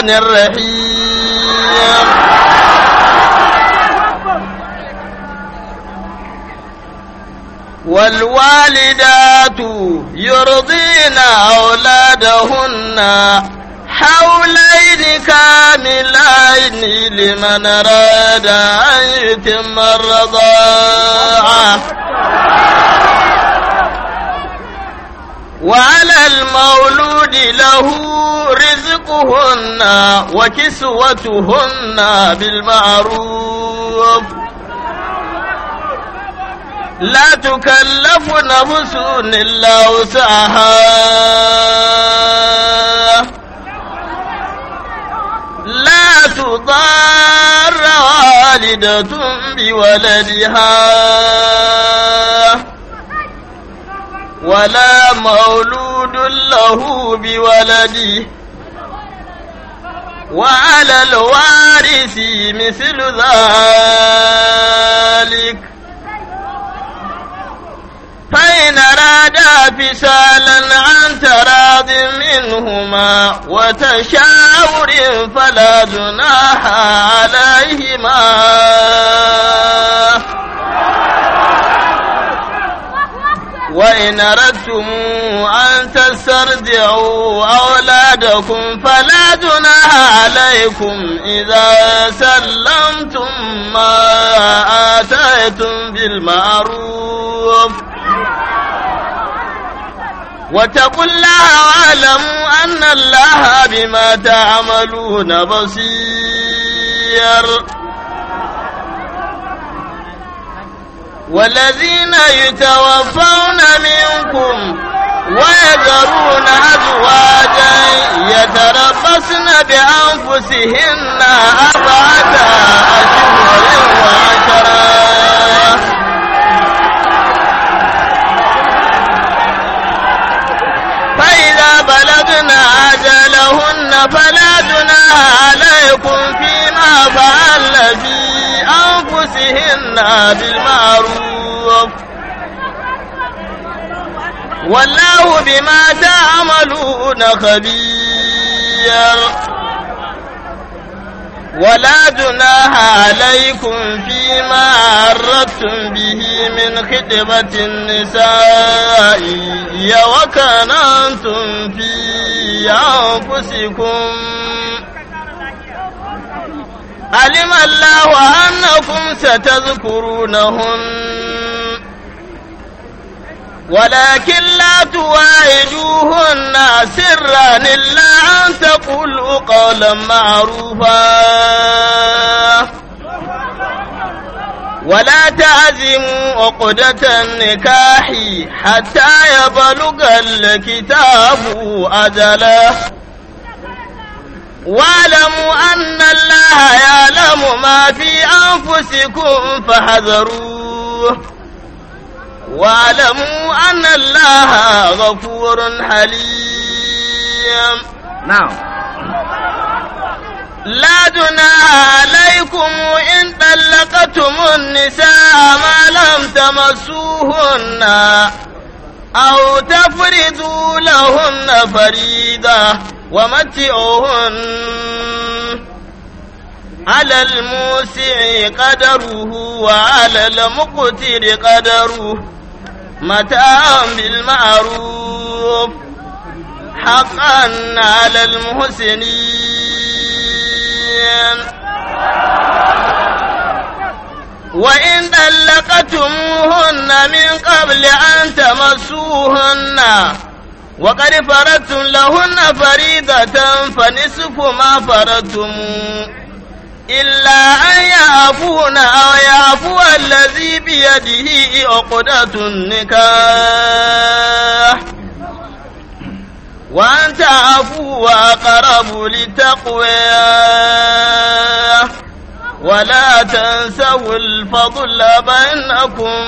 الرحمن الرحيم والوالدات يرضين أولادهن حولين كاملين لمن أراد أن يتم الرضاعة وعلى المولود له رزقهن وكسوتهن بالمعروف لا تكلف نفس إلا وسعها لا تضار والدة بولدها ولا مولود له بولده وعلى الوارث مثل ذلك فإن رادا فسالا عن تراض منهما وتشاور فلا جناح عليهما وإن أردتم أن تسترجعوا أولادكم فلا جناح عليكم إذا سلمتم ما آتيتم بالمعروف واتقوا الله واعلموا أن الله بما تعملون بصير والذين يتوفون منكم ويذرون أزواجا يتربصن بأنفسهن أربعة أشهر وعشرا فإذا بلغنا أجلهن فلا جناح عليكم فيما فعلن فيه تواصلنا بالمعروف والله بما تعملون خبير ولا جناح عليكم فيما عرضتم به من خطبة النساء وكننتم في أنفسكم علم الله أنكم ستذكرونهم ولكن لا تواعدوهن سرا إلا أن تقولوا قولا معروفا ولا تعزموا عقدة النكاح حتى يبلغ الكتاب أجله واعلموا أن الله يعلم ما في أنفسكم فحذروه واعلموا أن الله غفور حليم نعم لا جناح عليكم إن طلقتم النساء ما لم تمسوهن أو تفرضوا لهن فريضة ومتعهن على الموسع قدره وعلى المقتر قدره متاعا بالمعروف حقا على المحسنين وإن طلقتموهن من قبل أن تمسوهن وقد فرضتم لهن فريضة فنصف ما فرضتم إلا أن يعفون أو يعفو الذي بيده عقدة النكاح وأن تعفوا وأقرب للتقوى ولا تنسوا الفضل بينكم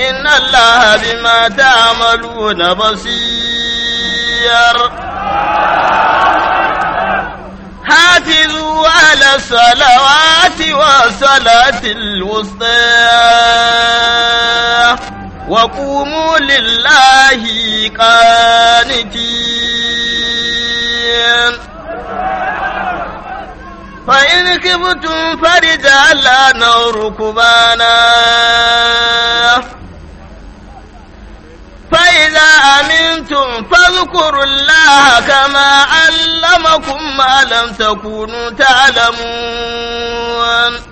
إن الله بما تعملون بصير حافظوا على الصلوات وصلاة الوسطى وقوموا لله قانتين فإن كبتم فرجالا أو ركبانا أمنتم فاذكروا الله كما علمكم ما لم تكونوا تعلمون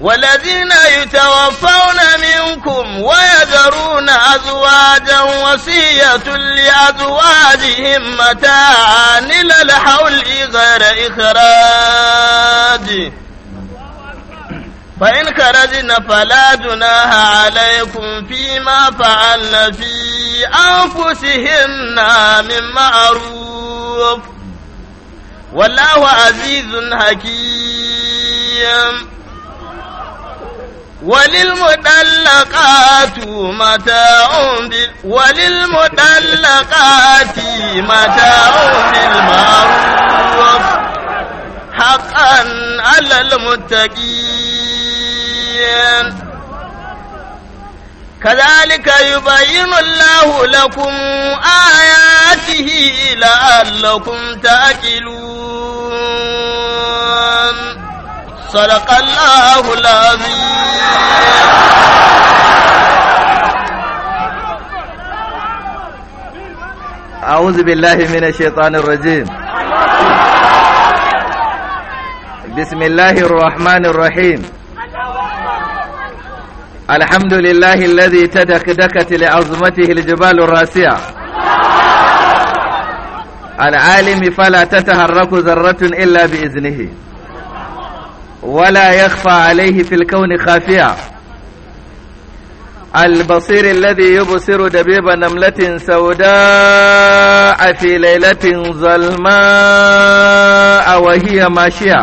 والذين يتوفون منكم ويذرون أزواجا وصية لأزواجهم متاعا إلى الحول غير إخراج فإن خرجنا فلا جناح عليكم فيما فعلنا في أنفسهن من معروف والله عزيز حكيم وللمطلقات متاع وللمطلقات متاع بالمعروف حقا على المتقين الدين كذلك يبين الله لكم آياته لعلكم تأكلون صدق الله العظيم أعوذ بالله من الشيطان الرجيم بسم الله الرحمن الرحيم الحمد لله الذي تدكدكت لعظمته الجبال الراسية العالم فلا تتهرك ذرة إلا بإذنه ولا يخفى عليه في الكون خافية البصير الذي يبصر دبيب نملة سوداء في ليلة ظلماء وهي ماشية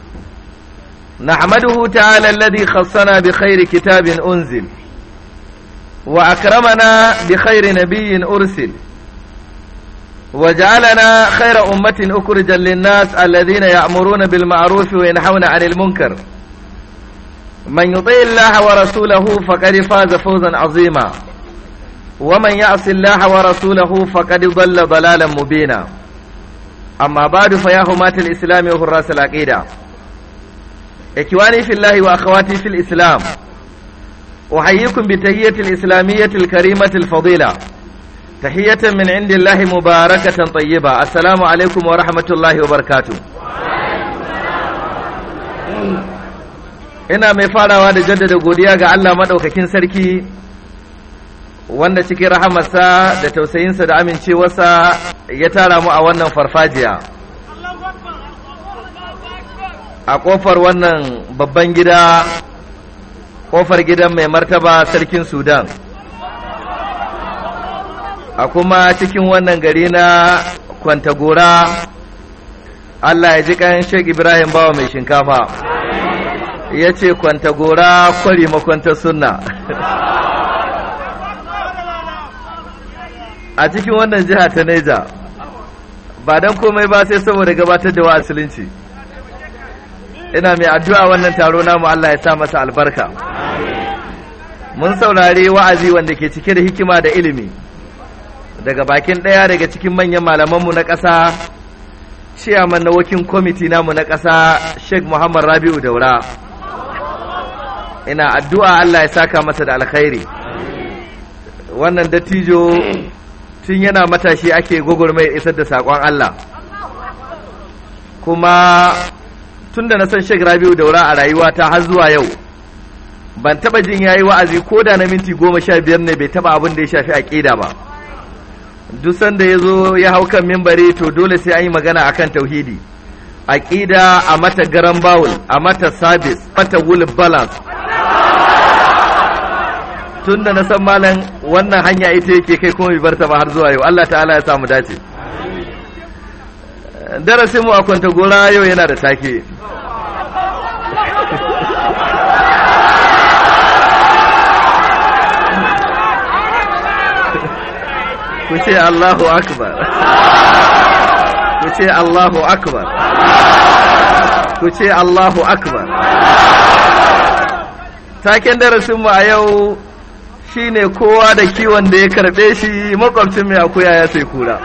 نحمده تعالى الذي خصنا بخير كتاب أنزل وأكرمنا بخير نبي أرسل وجعلنا خير أمة أخرجا للناس الذين يأمرون بالمعروف وينحون عن المنكر من يطيع الله ورسوله فقد فاز فوزا عظيما ومن يعص الله ورسوله فقد ضل ضلالا مبينا أما بعد فيا همات الإسلام وحراس العقيدة إخواني في الله وأخواتي في الإسلام أحييكم بتهية الإسلامية الكريمة الفضيلة تحية من عند الله مباركة طيبة السلام عليكم ورحمة الله وبركاته ina mai farawa da jaddada godiya ga Allah maɗaukakin sarki wanda cikin rahamarsa da tausayinsa da amincewarsa ya tara mu a wannan farfajiya a ƙofar wannan babban gida ƙofar gidan mai martaba sarkin sudan a kuma cikin wannan gari na kwantagora allah ya ji ƙayan sheik ibrahim bawa mai shinkafa ya ce kwantagora kwari makwantar sunna a cikin wannan jiha ta neja ba don komai ba sai saboda gabatar da wa musulunci ina mai addu'a wannan taro namu Allah ya sa masa albarka mun saurari wa'azi wanda ke cike da hikima da ilimi daga bakin ɗaya daga cikin manyan malamanmu na ƙasa ciyaman na wakin kwamiti namu na ƙasa sheikh muhammad rabi'u daura ina addu'a Allah ya saka masa da alkhairi wannan dattijo tun yana matashi ake gwagwarmai isar da saƙon Allah kuma tun da na san shek Rabiu Daura a rayuwata har zuwa yau ban taba jin yayi wa'azi ko da na minti goma sha biyar ne bai taba abin da ya shafi aƙida ba duk sanda ya zo ya hau kan mimbari to dole sai an yi magana akan tauhidi aƙida a mata garan bawul a mata sabis mata wul balance tun da na san malam wannan hanya ita yake kai kuma bai barta ba har zuwa yau Allah ta'ala ya samu dace darasin mu a kwanta gora yau yana da take ku ce Allahu akbar ku ce Allahu akbar ku ce Allahu akbar taken darasin mu a yau shine kowa da kiwon da ya karbe shi makwabcin mai akuya ya sai kura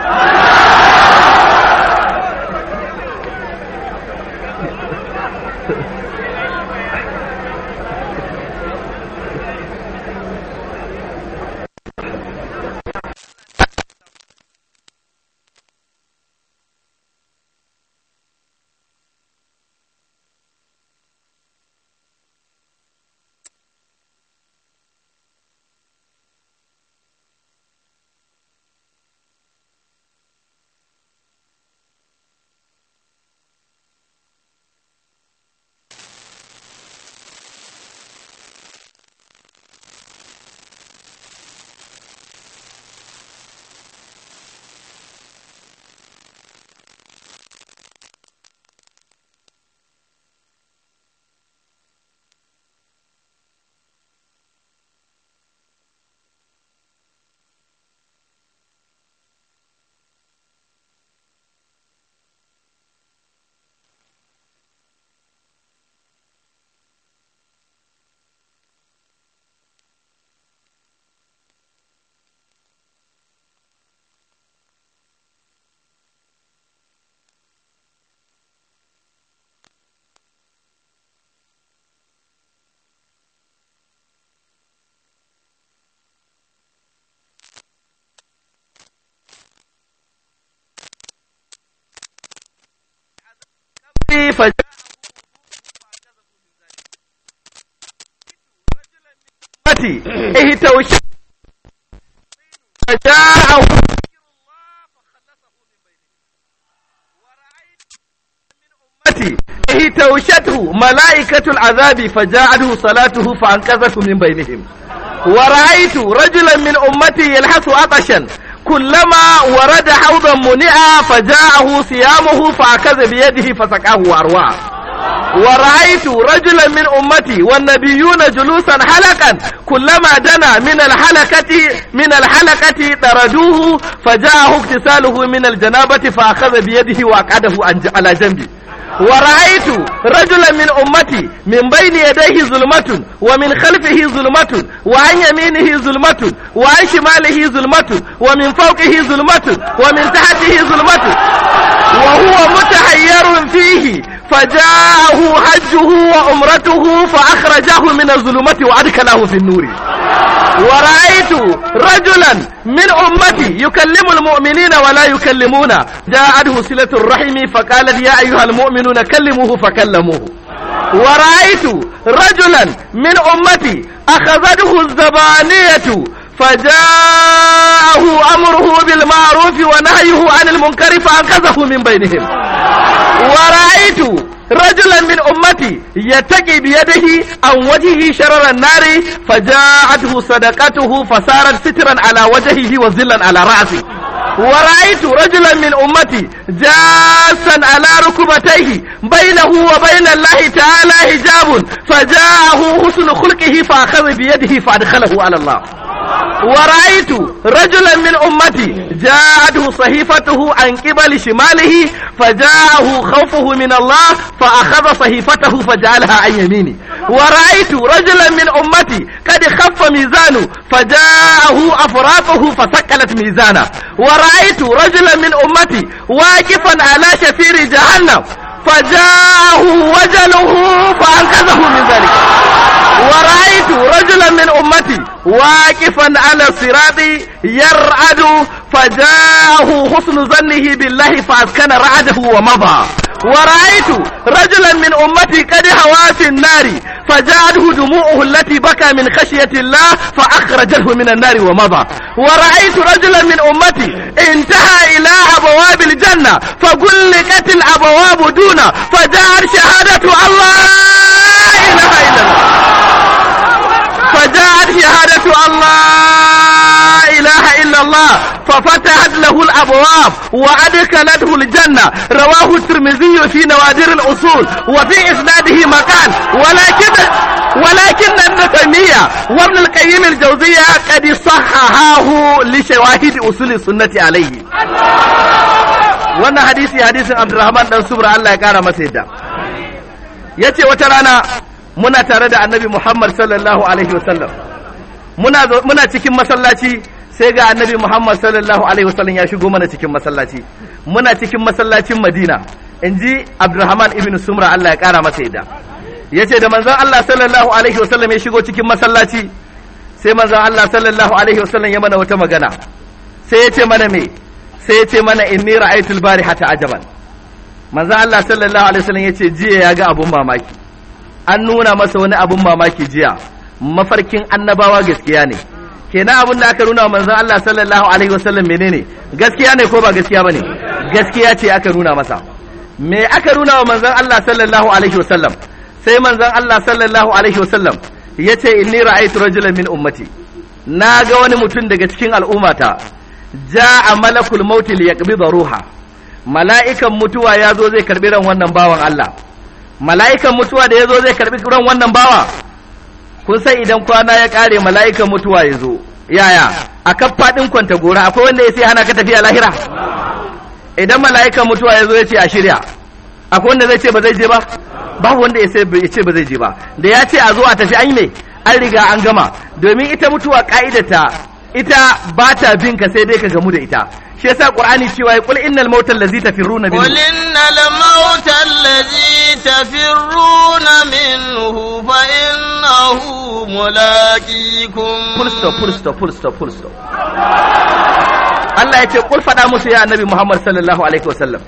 ati ihita wuce ta ja a ihita wuce ta mala'ikatul azabi fa ja'adu salatuhu fa an kazatu min bainihim wa ra'aytu rajulan min ummati yalhasu atashan كلما ورد حوضا منئا فجاءه صيامه فاكذ بيده فسقاه وارواه wa rajulamin rajulan min biyu na nabiyuna julusan halakan kullama dana min al halakati min al halakati daraduhu faja'ahu ittisaluhu min al janabati fa akhadha bi yadihi wa qadahu an ala janbi wa ra'aitu min baini min bayni yadayhi zulmatun wa min khalfihi zulmatu wa an yaminihi zulmatun wa an shimalihi zulmatun wa min fawqihi zulmatu wa min tahtihi zulmatun wa huwa mutahayyarun fihi فجاءه حجه وعمرته فأخرجه من الظلمات وأدخله في النور ورأيت رجلا من أمتي يكلم المؤمنين ولا يكلمون جاءته صلة الرحم فقالت يا أيها المؤمنون كلموه فكلموه ورأيت رجلا من أمتي أخذته الزبانية فجاءه أمره بالمعروف ونهيه عن المنكر فأنقذه من بينهم ورأيت رجلا من أمتي يتقي بيده عن وجهه شرر النار فجاءته صدقته فصارت سترا على وجهه وزلا على رأسه ورأيت رجلا من أمتي جاسا على ركبتيه بينه وبين الله تعالى حجاب فجاءه حسن خلقه فأخذ بيده فأدخله على الله ورأيت رجلا من أمتي جاءته صحيفته عن قبل شماله فجاءه خوفه من الله فأخذ صحيفته فجعلها عن يمينه ورأيت رجلا من أمتي قد خف ميزانه فجاءه أفراطه فثقلت ميزانه ورأيت رأيت رجلا من أمتي واقفا على شفير جهنم فجاءه وجله فأنقذه من ذلك ورأيت رجلا من أمتي واقفا على الصراط يرعد فجاءه حسن ظنه بالله فأسكن رعده ومضى ورأيت رجلا من أمتي قد في النار فجاءته دموعه التي بكى من خشية الله فأخرجته من النار ومضى ورأيت رجلا من أمتي انتهى إلى أبواب الجنة فقلقت الأبواب دونه فجاءت شهادة الله ففتحت له الأبواب وأدخلته الجنة رواه الترمذي في نوادر الأصول وفي إسناده مقال ولكن ولكن ابن تيمية وابن القيم الجوزية قد صححاه لشواهد أصول السنة عليه wannan hadisi hadisin Abdurrahman dan Subra Allah ya kara masa yadda yace wata rana muna tare da Annabi Muhammad sallallahu alaihi wasallam muna muna cikin masallaci sai ga annabi Muhammad sallallahu alaihi wasallam ya shigo mana cikin masallaci muna cikin masallacin Madina ji Abdurrahman ibn Sumra Allah ya kara masa yadda Ya ce da manzon Allah sallallahu alaihi wasallam ya shigo cikin masallaci sai manzon Allah sallallahu alaihi wasallam ya mana wata magana sai ya ce mana me sai ya ce mana inni ra'aytul barihata ajaban manzon Allah sallallahu alaihi wasallam ce jiya ya ga abun mamaki an nuna masa wani abun mamaki jiya mafarkin annabawa gaskiya ne kenan abin da aka nuna wa manzon Allah sallallahu alaihi wasallam menene gaskiya ne ko ba gaskiya bane gaskiya ce aka nuna masa me aka nuna wa manzon Allah sallallahu alaihi wasallam sai manzon Allah sallallahu alaihi wasallam yace inni ra'aytu rajulan min ummati na ga wani mutum daga cikin al'ummata ja'a malakul mauti liyaqbida ruha mala'ikan mutuwa ya zo zai karbi ran wannan bawan Allah mala'ikan mutuwa da ya zo zai karbi ran wannan bawa kun san idan kwana ya kare mala'ikan mutuwa ya zo yaya a kan faɗin kwanta gora akwai wanda ya sai hana ka tafiya lahira idan mala'ikan mutuwa ya zo ya ce a shirya akwai wanda zai ce ba zai je ba babu wanda ya ce ba zai je ba da ya ce a zo a tafi an yi mai an riga an gama domin ita mutuwa ka'idata ita ba ta bin ka sai dai ka gamu da ita shi yasa qur'ani cewa ya kul innal mauta allazi tafiruna minhu kul innal mauta allazi tafiruna minhu fa innahu mulaqikum full stop full stop full stop full stop Allah ya ce kul fada musu ya annabi Muhammad sallallahu alaihi wasallam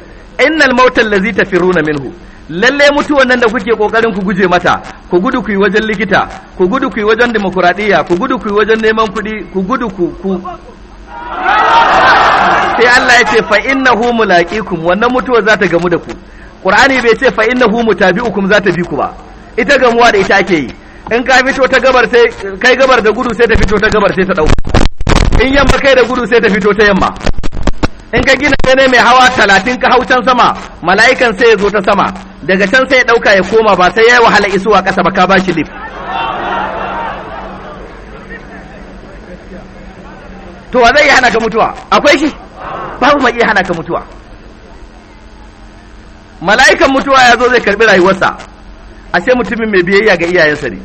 innal mauta allazi tafiruna minhu lalle mutuwan nan da kuke kokarin ku guje mata ku gudu ku yi wajen likita ku gudu ku yi wajen demokradiya ku gudu ku yi wajen neman kuɗi ku gudu ku ku sai Allah ya ce fa innahu mulaqikum wannan mutuwa za ta gamu da ku Qur'ani bai ce fa innahu mutabi'ukum za ta bi ku ba ita gamuwa da ita ake yi in ka fito ta gabar sai kai gabar da gudu sai ta fito ta gabar sai ta dauko in yamma kai da gudu sai ta fito ta yamma in ka gina bene mai hawa talatin ka hau can sama mala'ikan sai ya zo ta sama daga can sai ya dauka ya koma ba sai ya yi wahala isuwa kasa ba ka bashi lif to wa zai yi hana ka mutuwa akwai shi babu mai iya hana ka mutuwa mala'ikan mutuwa ya zo zai karbi rayuwarsa ashe mutumin mai biyayya ga iyayensa ne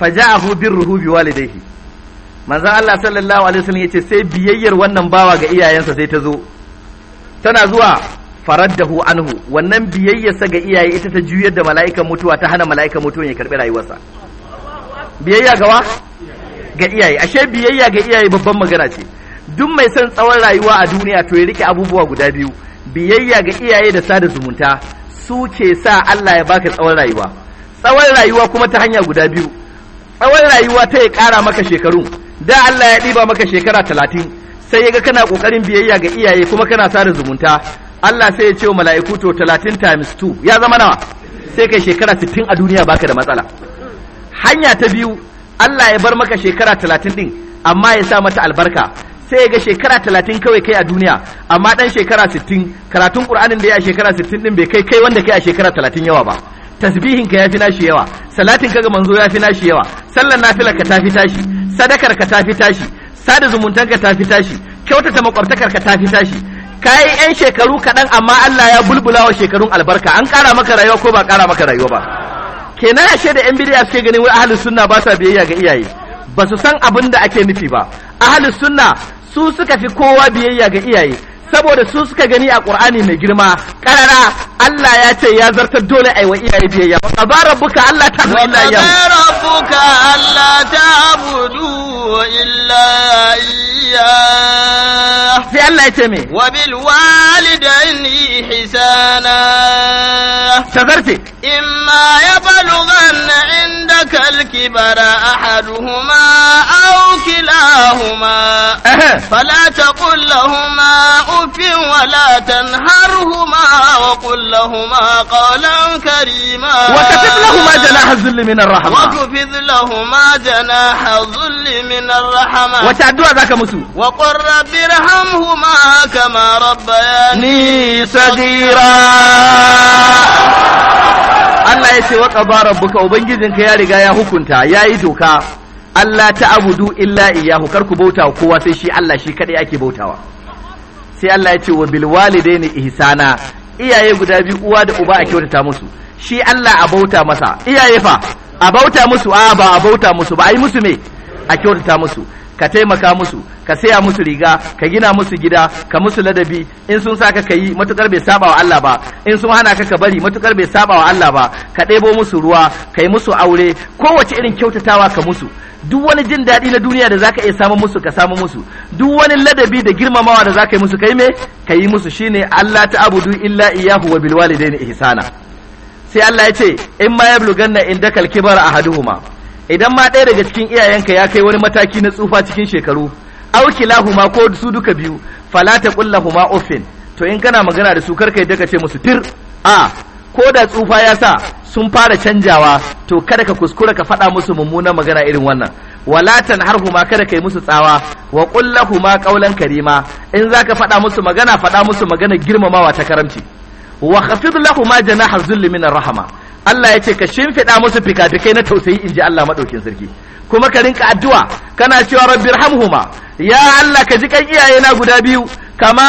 faja'ahu birruhu bi walidaihi manzon Allah sallallahu alaihi wasallam yace sai biyayyar wannan bawa ga iyayensa sai ta zo tana zuwa faraddahu anhu wannan biyayyarsa ga iyaye ita ta juyar da mala'ikan mutuwa ta hana mala'ikan mutuwa ya karbi rayuwarsa biyayya ga wa ga iyaye ashe biyayya ga iyaye babban magana ce duk mai son tsawon rayuwa a duniya to ya rike abubuwa guda biyu biyayya ga iyaye da sada zumunta su ke sa Allah ya baka tsawon rayuwa tsawon rayuwa kuma ta hanya guda biyu tsawon rayuwa ta ya kara maka shekaru da Allah ya ɗiba maka shekara talatin sai ya ga kana ƙoƙarin biyayya ga iyaye kuma kana sada zumunta Allah sai ya ce wa mala'iku to talatin times two ya zama nawa sai kai shekara sittin a duniya baka da matsala hanya ta biyu Allah ya bar maka shekara talatin ɗin amma ya sa mata albarka sai ga shekara talatin kawai kai a duniya amma dan shekara sittin karatun qur'anin da ya shekara sittin din bai kai kai wanda kai a shekara talatin yawa ba tasbihin ka fi nashi yawa salatin ka ga manzo ya fi nashi yawa sallar nafilar ka fi tashi sadakar ka fi tashi sada zumuntan ka ta fi tashi kyautata makwabtakar ka fi tashi kayi yan shekaru kaɗan amma Allah ya bulbula wa shekarun albarka an ƙara maka rayuwa ko ba ƙara maka rayuwa ba kenan ashe da yan bidiya suke ganin wai ahalin sunna ba sa biyayya ga iyaye ba su san abin da ake nufi ba ahlus sunna su suka fi kowa biyayya ga iyaye saboda su suka gani a qur'ani mai girma karara Allah ya ce ya zartar dole ai wa iyaye biyayya wa qadara rabbuka alla ta'budu illa illa iyyah sai Allah ya ce me wa bil walidaini hisana shagarti imma كبر أحدهما أو كلاهما فلا تقل لهما أف ولا تنهرهما وقل لهما قولا كريما وكفذ لهما جناح الذل من الرحمة وكفذ لهما جناح الذل من الرحمة وتعدوا ذاك مسو وقل رب ارحمهما كما ربياني صغيرا Allah ya ce wa qabara rabbuka ubangijinka ya riga ya hukunta ya yi doka Allah ta abudu illa iyyahu kar ku bauta kowa sai shi Allah shi kaɗai ake bautawa sai Allah ya ce wa bil walidaini ihsana iyaye guda biyu uwa da uba a kyautata musu shi Allah a bauta masa iyaye fa a bauta musu a ba a bauta musu ba a yi musu me a kyautata musu ka taimaka musu ka saya musu riga ka gina musu gida ka musu ladabi in sun saka ka yi matukar bai saba wa Allah ba in sun hana ka ka bari matukar bai saba wa Allah ba ka ɗebo musu ruwa ka yi musu aure kowace irin kyautatawa ka musu duk wani jin daɗi na duniya da zaka iya samun musu ka samu musu duk wani ladabi da girmamawa da zaka yi musu kai me ka yi musu shine Allah ta abudu illa iyyahu wa bil walidaini ihsana sai Allah ya ce in ma yablughanna indakal kibara ahaduhuma idan ma ɗaya daga cikin iyayenka ya kai wani mataki na tsufa cikin shekaru aukilahuma ko su duka biyu fala ta huma ofin to in kana magana da su karka yadda ce musu tir a ko da tsufa ya sa sun fara canjawa to kada ka kuskura ka faɗa musu mummunan magana irin wannan wala huma kada kai musu tsawa wa qul huma kaulan karima in zaka faɗa musu magana faɗa musu magana girmamawa ta karamci wa khafid lahumu janaha dhulli min rahama Allah ya ce ka shimfiɗa musu fikafikai na tausayi in ji Allah maɗaukin sarki kuma ka rinka addu'a kana cewa rabbi rahamhuma ya Allah ka ji kan iyaye na guda biyu kama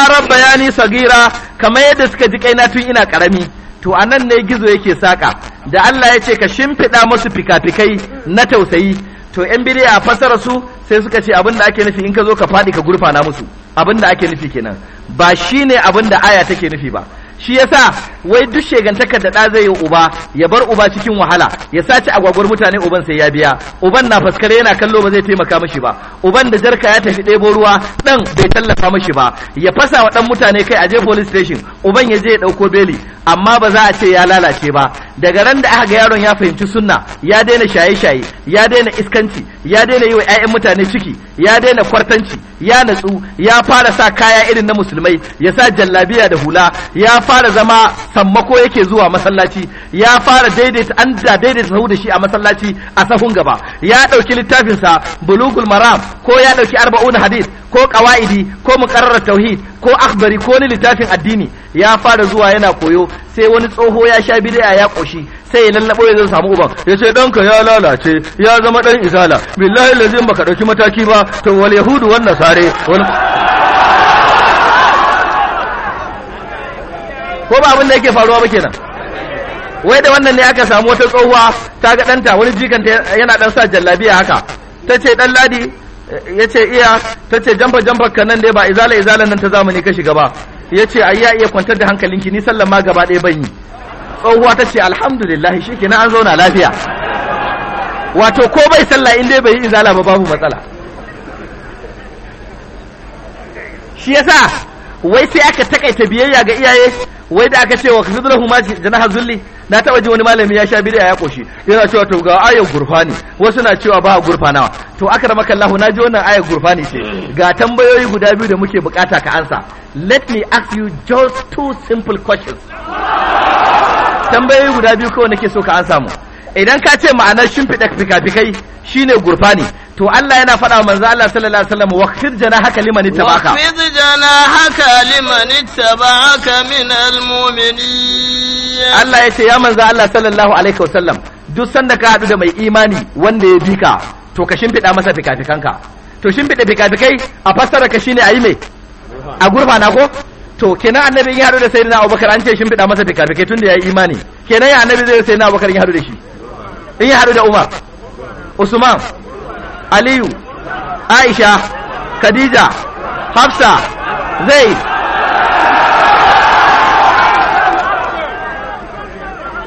ni sagira kama yadda suka ji kaina tun ina karami to a nan ne gizo yake saka da Allah ya ce ka shimfiɗa musu fikafikai na tausayi to yan bidiya fasara su sai suka ce abinda ake nufi in ka zo ka faɗi ka gurfana musu abinda ake nufi kenan ba shine da aya take nufi ba shi yasa wai duk shegantakar da da zai yi uba ya bar uba cikin wahala ya sace agwagwar mutane uban sai ya biya uban na faskare yana kallo ba zai taimaka mashi ba uban da jarka ya tafi ɗebo ruwa ɗan bai tallafa mashi ba ya fasa wa ɗan mutane kai a je police station uban ya je ya ɗauko beli amma ba za a ce ya lalace ba daga ran da aka ga yaron ya fahimci sunna ya daina shaye-shaye ya daina iskanci ya daina yi wa 'ya'yan mutane ciki ya daina kwartanci ya natsu ya fara sa kaya irin na musulmai ya sa jallabiya da hula ya fara zama sammako yake zuwa masallaci ya fara daidaita an da daidaita sahu da shi a masallaci a sahun gaba ya dauki littafinsa bulugul maram ko ya dauki arba'un hadis ko qawaidi ko muqarrar tauhid ko akhbari ko ni littafin addini ya fara zuwa yana koyo sai wani tsoho ya sha bid'a ya koshi sai ya lallabo ya samu uban ya ce danka ya lalace ya zama dan izala billahi lazim baka dauki mataki ba to wal yahudu wan nasare wal ko ba abin da yake faruwa ba kenan wai da wannan ne aka samu wata tsohuwa ta ga ɗanta wani jikanta yana ɗan sa jallabiya haka ta ce ɗan ladi ya ce iya ta ce jamba jambar ka nan dai ba izala izala nan ta zamani ka shiga ba ya ce ai ya iya kwantar da hankalinki ni sallama ma gaba ɗaya ban yi tsohuwa ta ce alhamdulillah shi kenan an zauna lafiya wato ko bai sallah in dai bai yi izala ba babu matsala shi yasa wai sai aka takaita biyayya ga iyaye wai da aka ce wa kasu lahu da janaha zulli na taba ji wani malami ya sha bid'a ya koshi yana cewa to ga ayar gurfani wasu na cewa ba gurfanawa to aka rama kallahu na ji wannan ayar gurfani ce ga tambayoyi guda biyu da muke bukata ka ansa let me ask you just two simple questions tambayoyi guda biyu kawai nake so ka ansa mu idan ka ce ma'anar shimfiɗa fikafikai shine gurfani to Allah yana faɗa wa manzo Allah sallallahu alaihi wasallam jana haka liman ittaba'aka jana haka liman ittaba'aka min almu'minin Allah yace ya manzo Allah sallallahu alaihi wasallam duk sanda ka hadu da mai imani wanda ya bi ka to ka shimfiɗa masa fikafikanka to shimfiɗa fikafikai a fassara ka shine ayi me a gurfana ko to kenan annabi ya hadu da sayyidina Abubakar an ce shimfiɗa masa fikafikai tunda yayi imani kenan ya annabi zai sayyidina Abubakar ya hadu da shi in ya haɗu da umar usman aliyu aisha khadija hafsa zaid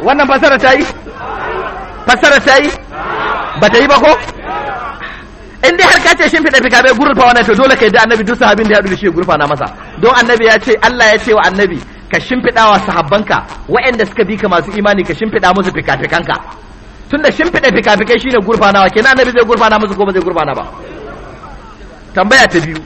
wannan fasara ta yi fasara ta yi ba ta yi ba ko in dai har ka ce shin fi ɗafi bai gurfa wannan to dole ka yi da annabi duk sahabin da ya haɗu shi gurfa na masa don annabi ya ce Allah ya ce wa annabi ka shimfiɗa wa sahabbanka waɗanda suka bi ka masu imani ka shimfiɗa musu fikafikanka tunda shimfiɗa fikai shine gurfanawa kenan annabi zai gurfana musu ko ba zai gurfana ba tambaya ta biyu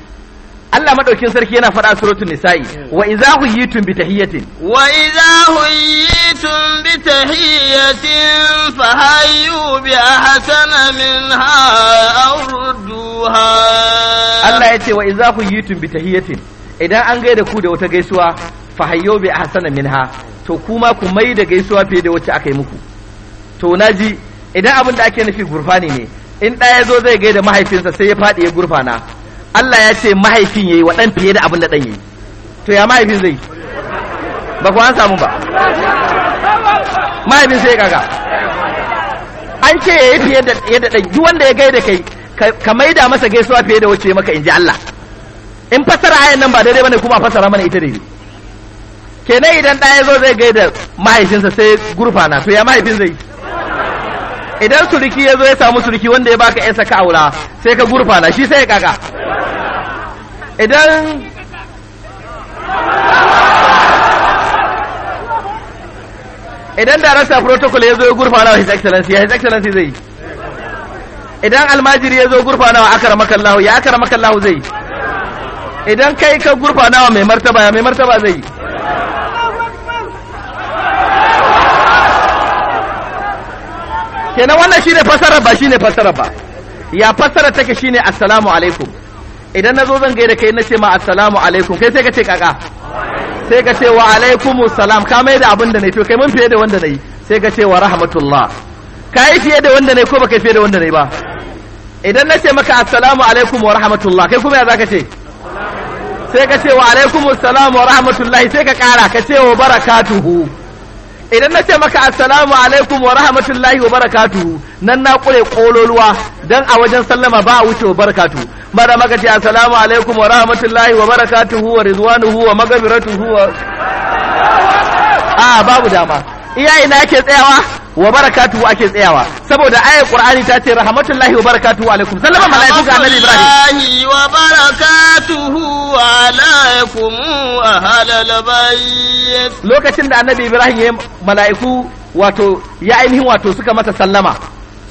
Allah madaukin sarki yana faɗa suratul nisa'i wa idza huyitum bi tahiyatin wa idza huyitum bi tahiyatin fa hayyu bi ahsana minha aw rudduha Allah yace wa idza huyitum bi tahiyatin idan an gaida ku da wata gaisuwa fa hayyu bi ahsana minha to kuma ku mai da gaisuwa fiye da wacce aka yi muku to na ji idan abin da ake nufi gurfani ne in ɗaya ya zo zai gaida mahaifinsa sai ya faɗi ya gurfana Allah ya ce mahaifin yayi wa ɗan fiye da abin da ɗan yayi to ya mahaifin zai ba ku an samu ba mahaifin sai kaga an ce yayi fiye da yadda ɗan duk wanda ya gaida kai ka maida masa gaisuwa fiye da wacce maka in ji Allah in fassara ayan nan ba daidai bane kuma fassara mana ita daidai kenan idan ɗaya ya zo zai gaida mahaifinsa sai gurfana to ya mahaifin zai idan suriki ya zo ya samu suriki wanda ya baka yansa ka aura sai ka gurfa na shi sai ya kaka idan idan darasta protocol ya zo ya gurfana wa his excellency ya his excellency zai idan almajiri ya zo na wa akara makallahu ya akara makallahu zai idan kai ka gurfana wa mai martaba ya mai martaba zai kenan wannan shine fasara ba shine fasara ba ya fasara take shine assalamu alaikum idan na zo zan gaida kai na ce ma assalamu alaikum kai sai ka ce kaka sai ka ce wa alaikum salam ka mai da abin da ne to kai mun fiye da wanda nayi sai ka ce wa rahmatullah ka yi fiye da wanda nayi ko baka fiye da wanda nayi ba idan na ce maka assalamu alaikum wa rahmatullah kai kuma ya zaka ce sai ka ce wa alaikum salam wa rahmatullah sai ka kara ka ce wa barakatuhu idan na ce maka assalamu alaikum wa rahmatullahi wa barakatu nan na kure kololuwa dan a wajen sallama ba a wuce wa barakatuhu bada maka ce assalamu alaikum wa rahmatullahi wa barakatuhu wa rizwanuhu wa magabiratuhu wa a ah, babu dama Iyayena yake tsayawa wa barakatuhu ake tsayawa saboda ayar qur'ani ta ce rahmatullahi wa barakatuhu alaikum sallama malaiku ga annabi ibrahim wa barakatuhu alaikum ahlal bayt lokacin da annabi ibrahim ya malaiku wato ya ainihin wato suka masa sallama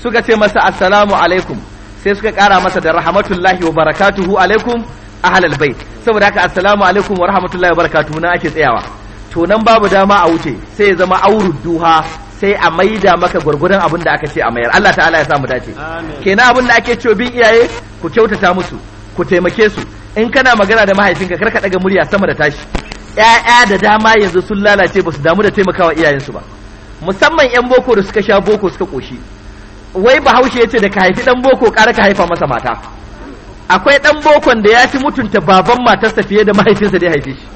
suka ce masa assalamu alaikum sai suka kara masa da rahmatullahi wa barakatuhu alaikum ahlal bayt saboda haka assalamu alaikum wa rahmatullahi wa barakatuhu na ake tsayawa to nan babu dama a wuce sai ya zama auru duha sai a maida maka gwargwadon abin da aka ce a mayar Allah ta'ala ya samu dace kenan abin da ake cewa bin iyaye ku kyautata musu ku taimake su in kana magana da mahaifinka kar ka daga murya sama da tashi ƴaƴa da dama yanzu sun lalace ba su damu da taimakawa iyayensu ba musamman yan boko da suka sha boko suka koshi wai bahaushe ya ce da ka haifi dan boko ƙara ka haifa masa mata akwai dan bokon da ya fi mutunta baban matarsa fiye da mahaifinsa da ya haife shi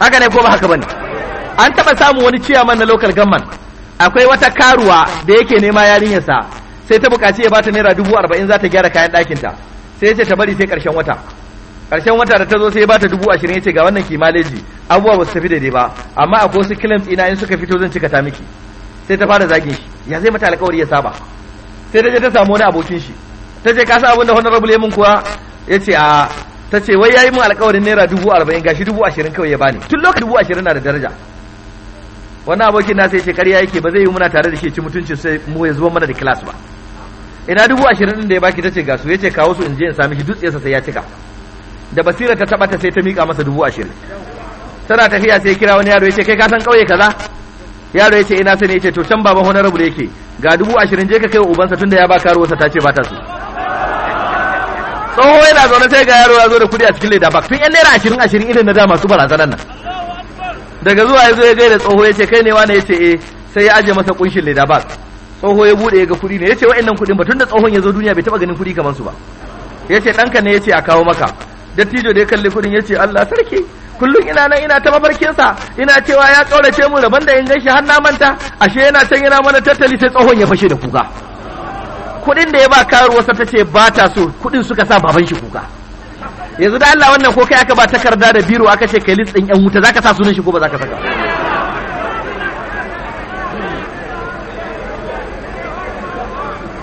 haka ne ko ba haka bane an taɓa samun wani ciyaman na local government akwai wata karuwa da yake nema yarinyarsa sai ta bukaci ya bata naira dubu arba'in za ta gyara kayan ɗakinta sai ya ce ta bari sai ƙarshen wata ƙarshen wata da ta zo sai ya bata dubu ashirin ya ce ga wannan kimaleji abubuwa ba su tafi daidai ba amma akwai wasu kilams ina in suka fito zan cika ta miki sai ta fara zagin shi ya zai mata alƙawari ya saba sai ta je ta samu wani abokin shi ta ce ka sa abin da honorable ya mun kuwa ya ce a ta ce wai ya yi mun alƙawarin naira dubu arba'in gashi dubu ashirin kawai ya bani tun lokacin dubu ashirin na da daraja wannan abokin nasa yace ƙarya yake ba zai yi muna tare da shi ci mutuncin sai mu ya zuwa mana da class ba ina dubu ashirin din da ya baki tace ga su yace kawo su in je in sami shi dutse sai ya cika da basira ta taba ta sai ta mika masa dubu ashirin tana tafiya sai kira wani yaro yace kai ka san kauye kaza yaro yace ina sani yace to can baba honorable yake ga dubu ashirin je ka kai ubansa tunda ya baka ruwarsa ta ce ba ta so tsoho yana zaune sai ga yaro ya zo da kudi a cikin leda bak tun yan naira ashirin ashirin irin na da masu barazanar nan daga zuwa ya zo ya gaida tsoho ya ce kai ne wani ya ce e, sai ya aje masa kunshin leda bag tsoho ya bude ya ga kuɗi ne ya ce wa'annan kuɗin batun da tsohon ya zo duniya bai taba ganin kuɗi kamar su ba ya ce ɗanka ne ya ce a kawo maka dattijo da ya kalli kuɗin ya ce Allah sarki kullum ina nan ina ta sa ina cewa ya ƙaurace mu daban da in ganshi har na manta ashe yana can yana mana tattali sai tsohon ya fashe da kuka kuɗin da ya ba sa ta ce ba ta so kuɗin suka sa baban shi kuka yanzu da Allah wannan ko kai aka ba takarda da biro aka ce kai listin yan wuta zaka sa sunan shi ko ba zaka saka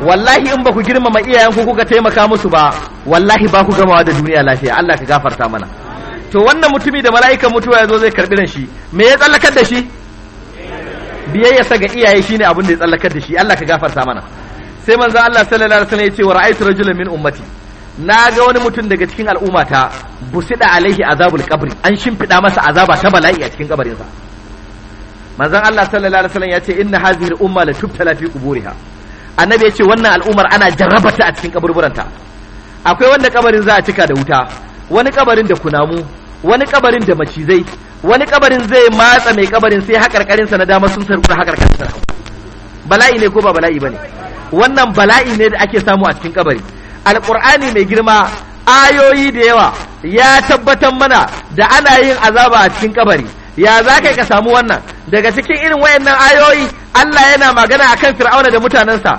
wallahi in ba ku girmama iyayen ku kuka taimaka musu ba wallahi ba ku gamawa da duniya lafiya Allah ka gafarta mana to wannan mutumi da mala'ikan mutuwa ya zo zai karbi ran shi me ya tsallakar da shi biyayyarsa ga iyaye shine abin da ya tsallakar da shi Allah ka gafarta mana sai manzo Allah sallallahu alaihi wasallam ya ce wa ra'aytu rajulan min ummati na ga wani mutum daga cikin al'umma ta busida alaihi azabul qabri an shimfida masa azaba ta bala'i a cikin kabarinsa manzon Allah sallallahu alaihi wasallam ya ce inna hadhihi umma la tubtala fi quburiha annabi ya ce wannan al'ummar ana jarrabata a cikin kaburburanta akwai wanda kabarin za a cika da wuta wani kabarin da kunamu wani kabarin da macizai wani kabarin zai matsa mai kabarin sai sa na dama sun hakarkarin sa bala'i ne ko ba bala'i bane wannan bala'i ne da ake samu a cikin kabari alƙur'ani mai girma ayoyi da yawa ya tabbatar mana da ana yin azaba a cikin kabari ya za ka ka samu wannan daga cikin irin wayannan ayoyi Allah yana magana a kan Fir'auna da mutanensa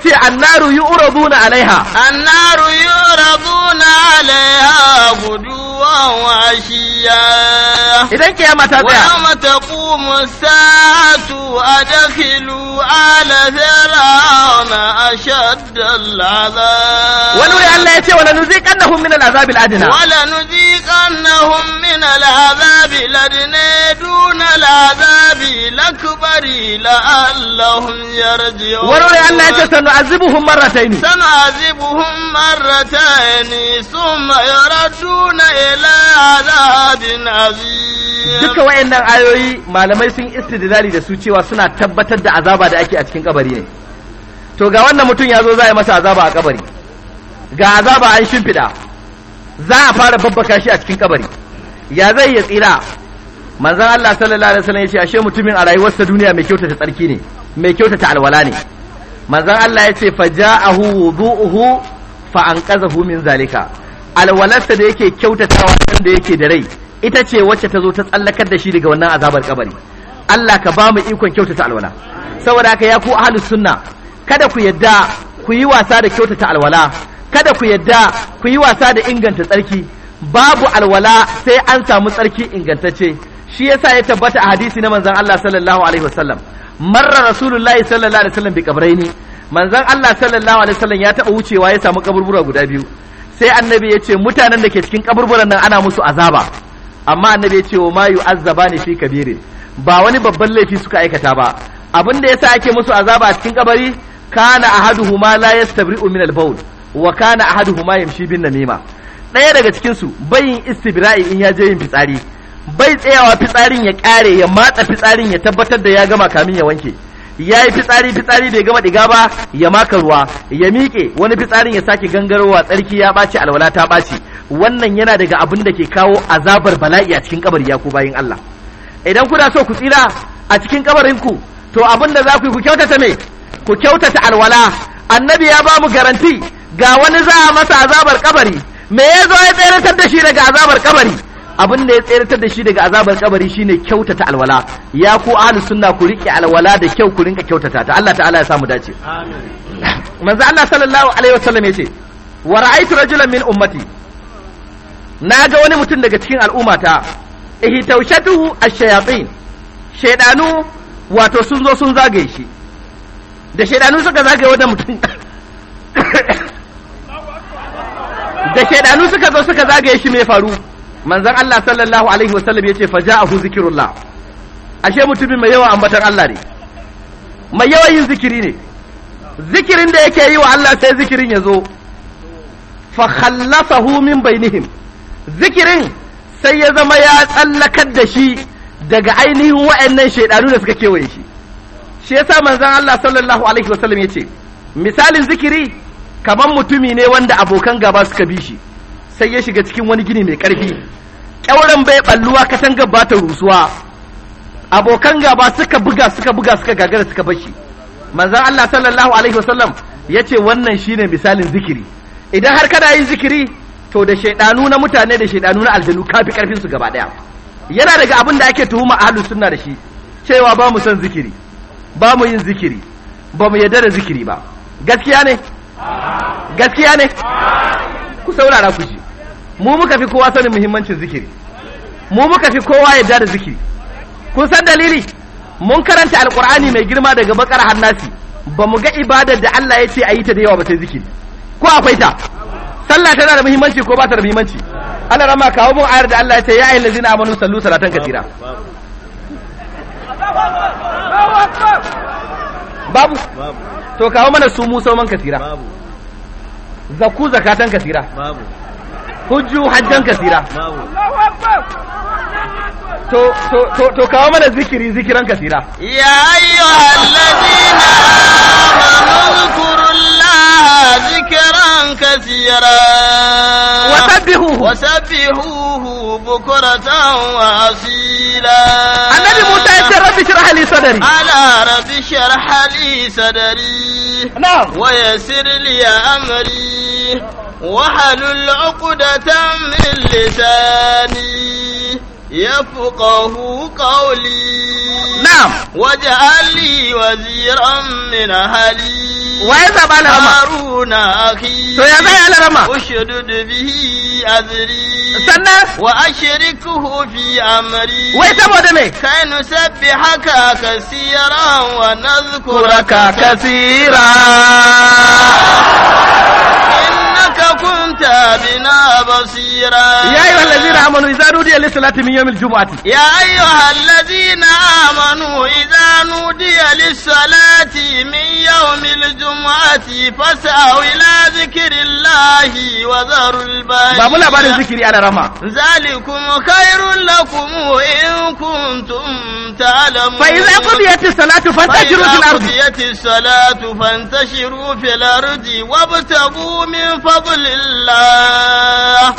ce annaru yi urabu na alaiha annaru yi na alaiha guduwan washiya idan ke yamma ta tsaya wa yawma taqumu sa'atu adkhilu ala fir'auna ashadda al'azab wani wuri Allah ya ce yace wala nuziqannahum min al'azab al'adna wala nuziqannahum min al'azab al'adna duna al'azab al'akbar la'a la'allahum yarji'un warware Allah ya ce sanu azibuhum marratayn sanu azibuhum marratayn thumma yaraduna ila azabin azim duka wayannan ayoyi malamai sun istidlali da su cewa suna tabbatar da azaba da ake a cikin kabari ne to ga wannan mutum ya zo za a yi masa azaba a kabari ga azaba an shimfiɗa za a fara babbaka shi a cikin kabari ya zai ya tsira Manzan Allah sallallahu alaihi wasallam yace ashe mutumin a rayuwarsa duniya mai kyautata tsarki ne mai kyautata alwala ne manzan Allah yace faja'ahu wudu'uhu fa anqazahu min zalika alwalarsa da yake kyautatawa dan da yake da rai ita ce wacce ta zo ta tsallakar da shi daga wannan azabar kabari Allah ka ba mu ikon kyautata alwala saboda haka ya ku ahlus sunna kada ku yadda ku yi wasa da kyautata alwala kada ku yadda ku yi wasa da inganta tsarki babu alwala sai an samu tsarki ingantacce shi yasa ya tabbata a hadisi na manzon Allah sallallahu alaihi wasallam marra rasulullahi sallallahu alaihi wasallam bi kabraini manzon Allah sallallahu alaihi wasallam ya taba wucewa ya samu kaburbura guda biyu sai annabi ya ce mutanen da ke cikin kaburburan nan ana musu azaba amma annabi ya ce wa ma yu'azzabani fi kabiri ba wani babban laifi suka aikata ba abin da yasa ake musu azaba a cikin kabari kana ahaduhuma la yastabri'u min al-bawl wa kana ahaduhuma yamshi bin namima ɗaya daga cikin su bayin istibra'i in ya je yin fitsari bai tsayawa fitsarin ya kare ya matsa fitsarin ya tabbatar da ya gama kamin ya wanke ya yi fitsari fitsari bai gama diga ba ya maka ruwa ya miƙe wani fitsarin ya sake gangarowa tsarki ya ɓaci alwala ta ɓaci wannan yana daga abin da ke kawo azabar bala'i a cikin kabari ya ku bayin Allah idan kuna so ku tsira a cikin kabarin ku to abin da za ku yi ku kyautata me ku kyautata alwala annabi ya ba mu garanti ga wani za a masa azabar kabari me ya zo ya tseratar da shi daga azabar kabari abin da ya tsayartar da shi daga azabar kabari shine kyautata alwala ya ku ahlus sunna ku rike alwala da kyau ku rinka kyautata ta Allah ta'ala ya samu dace amin manzo Allah sallallahu alaihi wasallam yace wa ra'aytu rajulan min ummati naga wani mutum daga cikin al'ummata ihtawshatuhu ash-shayatin shaydanu wato sun zo sun zagaye shi da shaydanu suka zagaye wannan mutum da shaydanu suka zo suka zagaye shi me faru manzan Allah sallallahu alaihi wasallam a hu zikirullah ashe mutumin mai yawa ambatar Allah ne mai yawan yin zikiri ne zikirin da yake yi wa Allah sai zikirin ya zo fa khallafahu min bainihim zikirin sai ya zama ya tsallakar da shi daga ainihin wa'annan shaidanu da suka kewaye shi shi yasa manzon Allah sallallahu alaihi wasallam ce. misalin zikiri kamar mutumi ne wanda abokan gaba suka bi shi sai ya shiga cikin wani gini mai ƙarfi ƙyauren bai ɓalluwa katangar ba ta rusuwa abokan gaba suka buga suka buga suka gagara suka bashi manzon Allah sallallahu alaihi wasallam ya ce wannan shine misalin zikiri idan har kana yin zikiri to da shaidanu na mutane da shaidanu na aljanu kafi karfin su gaba daya yana daga abin da ake tuhuma ahlus suna da shi cewa ba mu son zikiri ba mu yin zikiri ba mu yarda da zikiri ba gaskiya ne gaskiya ne ku saurara ku ji mu muka fi kowa sanin muhimmancin zikiri mu muka fi kowa yadda da zikiri kun san dalili mun karanta alkur'ani mai girma daga bakar hannasi ba mu ga ibadar da Allah ya ce a yi ta da yawa ba sai zikiri ko akwai ta sallah tana da muhimmanci ko ba ta da muhimmanci ana rama kawo mun ayar da Allah ya ce ya ayyuhal ladina amanu sallu salatan katira babu to kawo mana su musa man katira zaku zakatan katira babu hujju hajjan kasira to to to to kawo mana zikiri zikiran kasira ya ayyuhal ladina amanu zkurullaha zikran kasira wasabbihuhu wasabbihuhu bukratan wa asila annabi musa ya ce rabbi shrah li sadri ala rabbi shrah li sadri na'am wa yassir li amri وحلل عقدة من لساني يفقه قولي نعم واجعل لي وزيرا من أهلي وإذا بقى هارون أخي أشدد به أذري وأشركه في أمري كي نسبحك كثيرا ونذكرك كثيرا kunta bina basira. Ya yi wa lazira amonu, za a rudi a lissalati min yamil Jumu'ati. Ya ayyuhal lazira. آمنوا إذا نودي للصلاة من يوم الجمعة فاسعوا إلى ذكر الله وذروا البيع باب لا بعد ذكري على رما ذلكم خير لكم إن كنتم تعلمون فإذا قضيت الصلاة فانتشروا في الأرض فإذا قضيت الصلاة فانتشروا في الأرض وابتغوا من فضل الله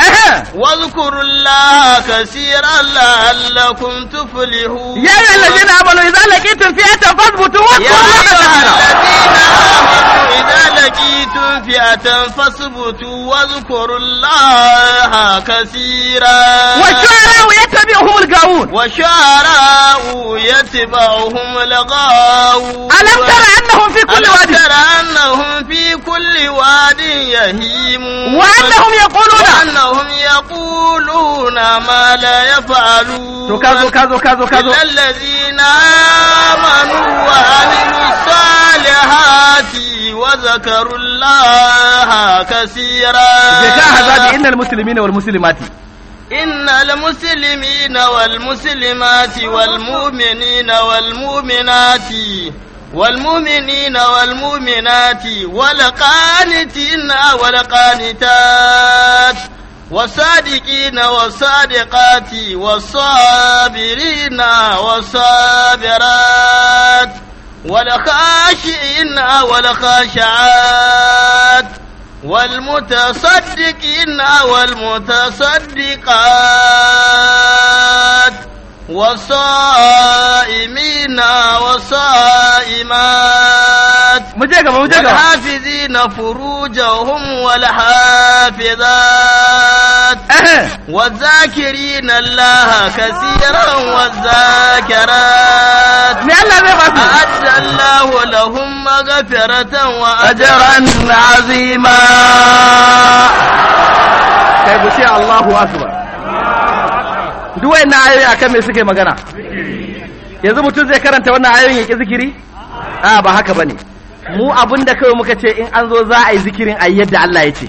واذكروا الله كثيرا لعلكم تفلحون أيها الذين آمنوا إذا لقيتم فئة فاثبتوا واذكروا إذا لقيتم فئة فاثبتوا واذكروا الله كثيرا والشعراء يتبعهم الغاوون والشعراء يتبعهم الغاوون ألم ترى أنهم في كل واد ألم ترى أنهم في كل واد وأنهم يقولون وأنهم يقولون ما لا يفعلون كذو كذو كذو كذو الذين آمنوا وعملوا الصالحات وذكروا الله كثيرا جاء إن المسلمين والمسلمات إن المسلمين والمسلمات والمؤمنين والمؤمنات والمؤمنين والمؤمنات والقانتين والقانتات والصادقين والصادقات والصابرين والصابرات والخاشئين والخاشعات والمتصدقين والمتصدقات والصائمين والصائمات مجيكا مجيكا والحافظين فروجهم والحافظات والذاكرين الله كثيرا والذاكرات أعد الله لهم مغفرة وأجرا عظيما كيف شاء الله أكبر duk wayannan ayoyi akan me suke magana yanzu mutum zai karanta wannan ayoyin yake zikiri a ba haka bane mu abin da kawai muka ce in an zo za a yi zikirin a yadda Allah ya ce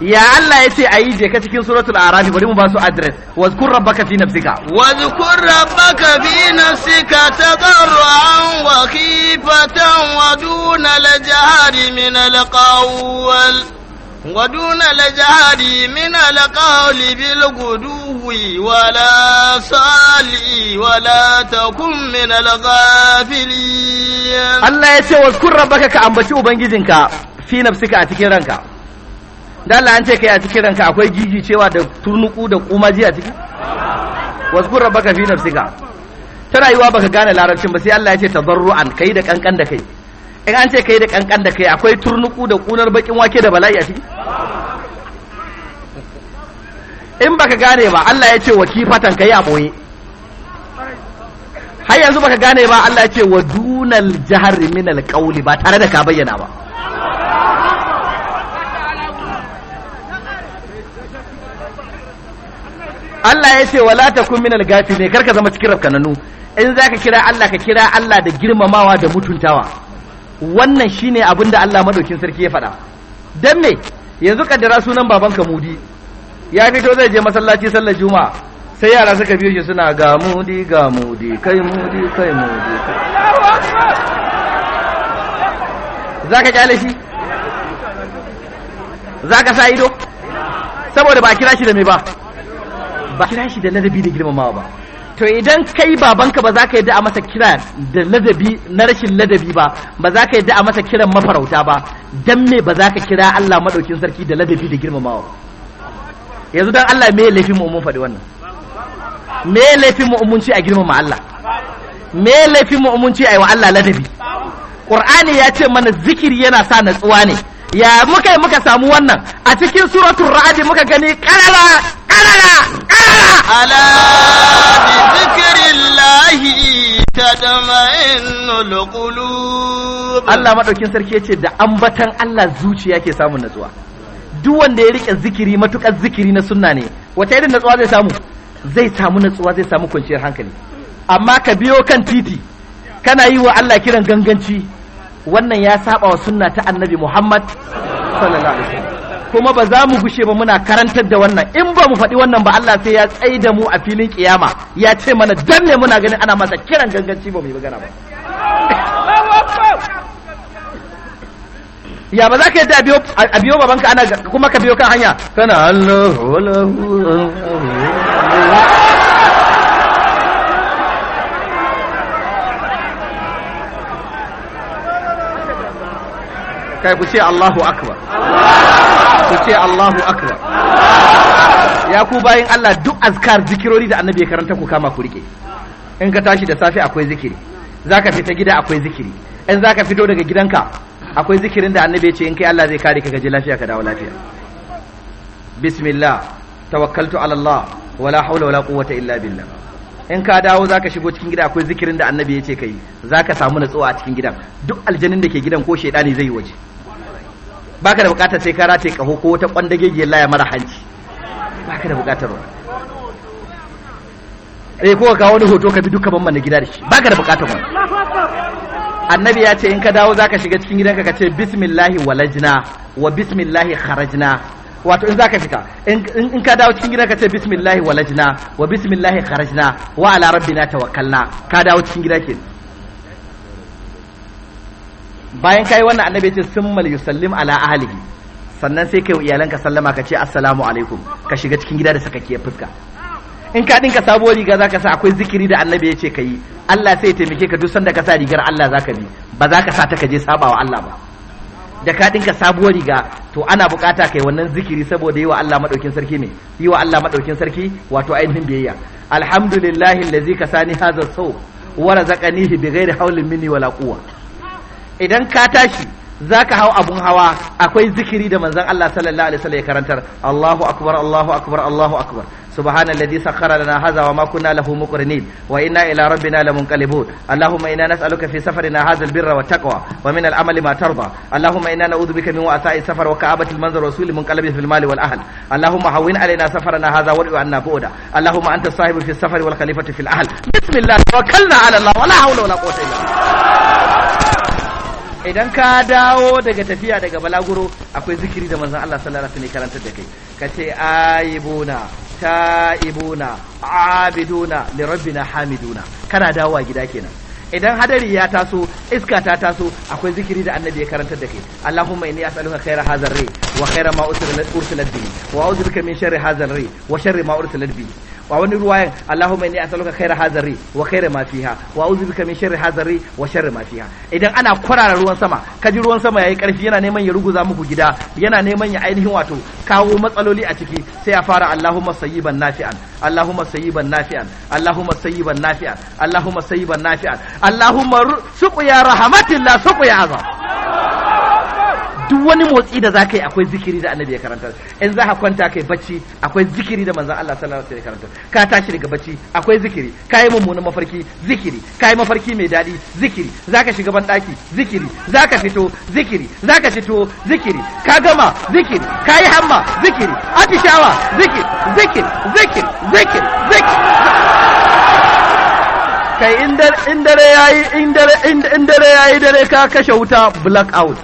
ya Allah ya ce a yi je ka cikin suratul arafi bari mu ba su address wazkur rabbaka fi nafsika wazkur rabbaka fi nafsika tadarruan wa khifatan wa duna al-jahri min al ودون الجهر من القول بالغدو ولا صالي ولا تكن من الغافلين الله يسوى اذكر ربك كأن كأنبشي أبنجزنك في نفسك أتكي da Allah an ce kai a cikin ranka akwai gigi cewa da turnuku da kuma ji a ciki wazkur rabbaka fi nafsika ta rayuwa baka gane larabcin ba sai Allah ya ce tadarruan kai da kankan da kai in an ce kai da kankan da kai akwai turnuku da kunar bakin wake da bala'i a ciki in baka gane ba Allah ya ce wa kifatan kai a boye har yanzu baka gane ba Allah ya ce wa dunal jihar min alqawli ba tare da ka bayyana ba Allah ya ce wala takun min ne karka zama cikin rafkananu in zaka kira Allah ka kira Allah da girmamawa da mutuntawa wannan shine abin da Allah madaukin sarki ya faɗa dan me yanzu kaddara sunan babanka mudi ya fito zai je masallaci sallar juma'a sai yara suka biyo shi suna ga mudi ga mudi kai mudi kai mudi zaka kyale shi zaka sa ido saboda ba kira shi da me ba ba kira shi da ladabi da girmamawa ba to idan kai babanka ba za ka yadda a masa kira da ladabi na rashin ladabi ba ba za ka yadda a masa kiran mafarauta ba dan me ba za ka kira Allah madaukin sarki da ladabi da girmamawa yanzu dan Allah me laifin mu mun faɗi wannan me laifin mu mun ci a girmama Allah me laifin mu mun a yi wa Allah ladabi Qur'ani ya ce mana zikiri yana sa natsuwa ne ya muka yi muka samu wannan a cikin suratul ra'adi muka gani qarara qarara qarara ala bi zikrillahi tadma'innul qulub Allah madaukin sarki yace da ambatan Allah zuciya ke samun natsuwa duk wanda ya rike zikiri matukar zikiri na sunna ne wata irin natsuwa zai samu zai samu natsuwa zai samu kwanciyar hankali amma ka biyo kan titi kana yi wa Allah kiran ganganci wannan ya saba wa sunna ta annabi Muhammad sallallahu alaihi wasallam kuma ba za mu gushe ba muna karantar da wannan in ba mu faɗi wannan ba Allah sai ya tsai da mu a filin kiyama ya ce mana dan ne muna ganin ana masa kiran ganganci ba mu yi magana ba ya ba za ka yadda a biyo babanka ana kuma ka biyo kan hanya kana Allah kai ku ce Allahu akbar ku ce Allahu akbar ya ku bayin Allah duk azkar zikirori da annabi ya karanta ku kama ku rike in ka tashi da safe akwai zikiri zaka fita gida akwai zikiri in zaka fito daga gidanka akwai zikirin da annabi ya ce in kai Allah zai kare ka gaji lafiya ka dawo lafiya bismillah tawakkaltu ala Allah wala hawla wala quwwata illa billah in ka dawo zaka shigo cikin gida akwai zikirin da annabi ya ce kai zaka samu natsuwa a cikin gidan duk aljanin da ke gidan ko shedani zai yi waje baka da bukatar sai ka rataye kaho ko wata giyar laya mara hanci baka da bukatar ba eh ko ka wani hoto ka bi duka ban na gida da shi baka da bukatar ba annabi ya ce in ka dawo zaka shiga cikin gidanka ka ce bismillahi walajna wa bismillahi kharajna wato in zaka fita in ka dawo cikin gidanka ka ce bismillahi walajna wa bismillahi kharajna wa ala rabbina tawakkalna ka dawo cikin gida kenan bayan kai wannan annabi ce summal yusallim ala ahlihi sannan sai kai wa iyalanka sallama ka ce assalamu alaikum ka shiga cikin gida da sakakkiyar fuska in ka dinka sabuwar riga zaka sa akwai zikiri da annabi yace kai Allah sai ya taimake ka duk sanda ka sa rigar Allah zaka bi ba za ka sa ta ka je sabawa Allah ba da ka dinka sabuwar riga to ana bukata kai wannan zikiri saboda yi wa Allah madaukin sarki ne yi wa Allah madaukin sarki wato ainihin biyayya alhamdulillahi allazi kasani hadha saw wa razaqanihi bighairi hawlin minni wala quwwa idan ka tashi zaka hau abun hawa akwai zikiri da manzon Allah sallallahu alaihi wasallam ya karantar Allahu akbar Allahu akbar Allahu akbar subhanalladhi sakhkhara lana hadha wa ma kunna lahu wa inna ila rabbina lamunqalibun Allahumma inna nas'aluka fi safarina hadha albirra wat taqwa wa min al'amali ma tarda Allahumma inna na'udhu bika min wa'sa'i safar wa ka'abati almanzar wa su'li munqalabi fil mali wal ahl Allahumma hawwin alaina safarana hadha wa anna bu'da Allahumma anta sahibu fi safari wal khalifatu fil ahl bismillah tawakkalna ala Allah wa la hawla wa la quwwata illa billah idan ka dawo daga tafiya daga balaguro akwai zikiri da manzon Allah sallallahu alaihi wasallam karanta da kai kace ayibuna ta'ibuna abiduna rabbina hamiduna kana dawowa gida kenan idan hadari ya taso iska ta taso akwai zikiri da annabi ya karanta da kai allahumma inni as'aluka khaira hadha ar wa khaira ma ursilat bi wa a'udhu bika min sharri hadha wa sharri ma ursilat bi wa wani ruwa ruwayan Allahumma inni as'aluka khaira hazari wa khaira ma fiha wa a'udhu bika min sharri hazari wa sharri ma fiha idan ana kwarara ruwan sama kaji ruwan sama ya yi karfi yana neman ya ruguza muku gida yana neman ya ainihin wato kawo matsaloli a ciki sai a fara Allahumma sayyiban nafi'an Allahumma sayyiban nafi'an Allahumma sayyiban nafi'an Allahumma sayyiban nafi'an Allahumma suqya rahmatillah azab duk wani motsi da zaka yi akwai zikiri da annabi ya karanta in za ka kwanta kai bacci akwai zikiri da manzon Allah sallallahu alaihi wasallam ya karanta ka tashi daga bacci akwai zikiri ka yi mummunan mafarki zikiri ka yi mafarki mai daɗi zikiri zaka shiga ban ɗaki zikiri zaka fito zikiri zaka fito zikiri ka gama zikiri ka yi hamma zikiri atishawa zikiri zikiri zikiri zikiri zikiri kai in dare yayi in dare yayi dare ka kashe wuta black out.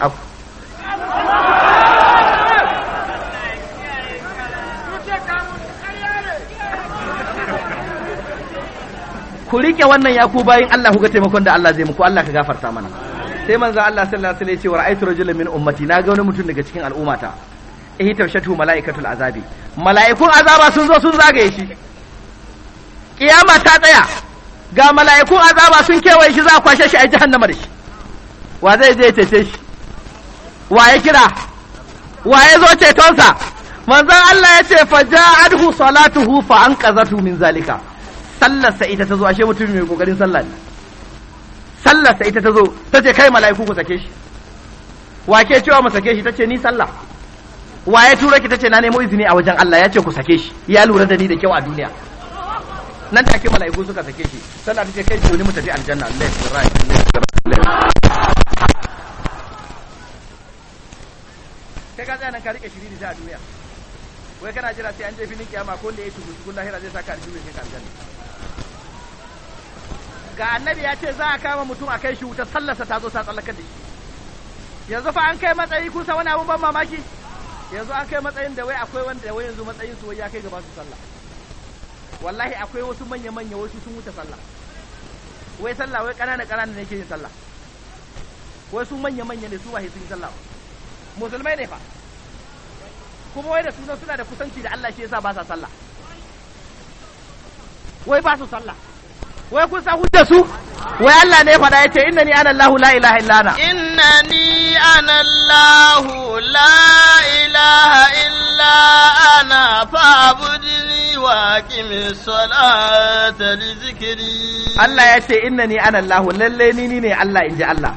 ku rike wannan yaku ku bayin Allah ga taimakon da Allah zai muku Allah ka gafarta mana sai manzo Allah sallallahu alaihi wasallam ya ce wa ra'aytu rajulan min ummati na ga wani mutum daga cikin al'ummata ihi tawshatu malaikatul azabi mala'ikun azaba sun zo sun zagaye shi kiyama ta tsaya ga mala'ikun azaba sun kewaye shi za a kwashe shi a jahannama da shi wa zai je tace shi wa ya kira wa ya zo cetonsa manzon Allah ya ce fa ja'adhu salatuhu fa anqazatu min zalika sallarsa ita ta zo ashe mutum mai kokarin sallah ne sallarsa ita ta zo ta ce kai mala'iku ku sake shi wa ke cewa mu sake shi ta ce ni sallah wa ya tura ki ta ce na nemo izini a wajen Allah ya ce ku sake shi ya lura da ni da kyau a duniya nan take mala'iku suka sake shi sallah ta ce kai ki mu tafi aljanna Allah ya tsira kai ka tsaya nan ka rike shiri da a duniya wai kana jira sai an je filin kiyama ko da ya tuku tukun lahira zai saka aljihu sai ka aljanna ga annabi ya ce za a kama mutum a kai shi wuta sallarsa ta zo ta tsallakar da shi yanzu fa an kai matsayi kusa wani abun ban mamaki yanzu an kai matsayin da wai akwai wanda da wai yanzu matsayin su wai ya kai gaba su sallah wallahi akwai wasu manya manya wasu sun wuce sallah wai sallah wai kanana kanana ne ke yin sallah wai su manya manya ne su ba sun yi sallah musulmai ne fa kuma wai da sunan suna da kusanci da Allah shi yasa ba sa sallah wai ba su sallah wai kun san hujja su wai Allah ne faɗa yace inna ni anallahu la ilaha illa ana innani ni anallahu la ilaha illa ana fa'budni wa aqimis salata li zikri Allah yace inna ni anallahu lalle ni ne Allah inji Allah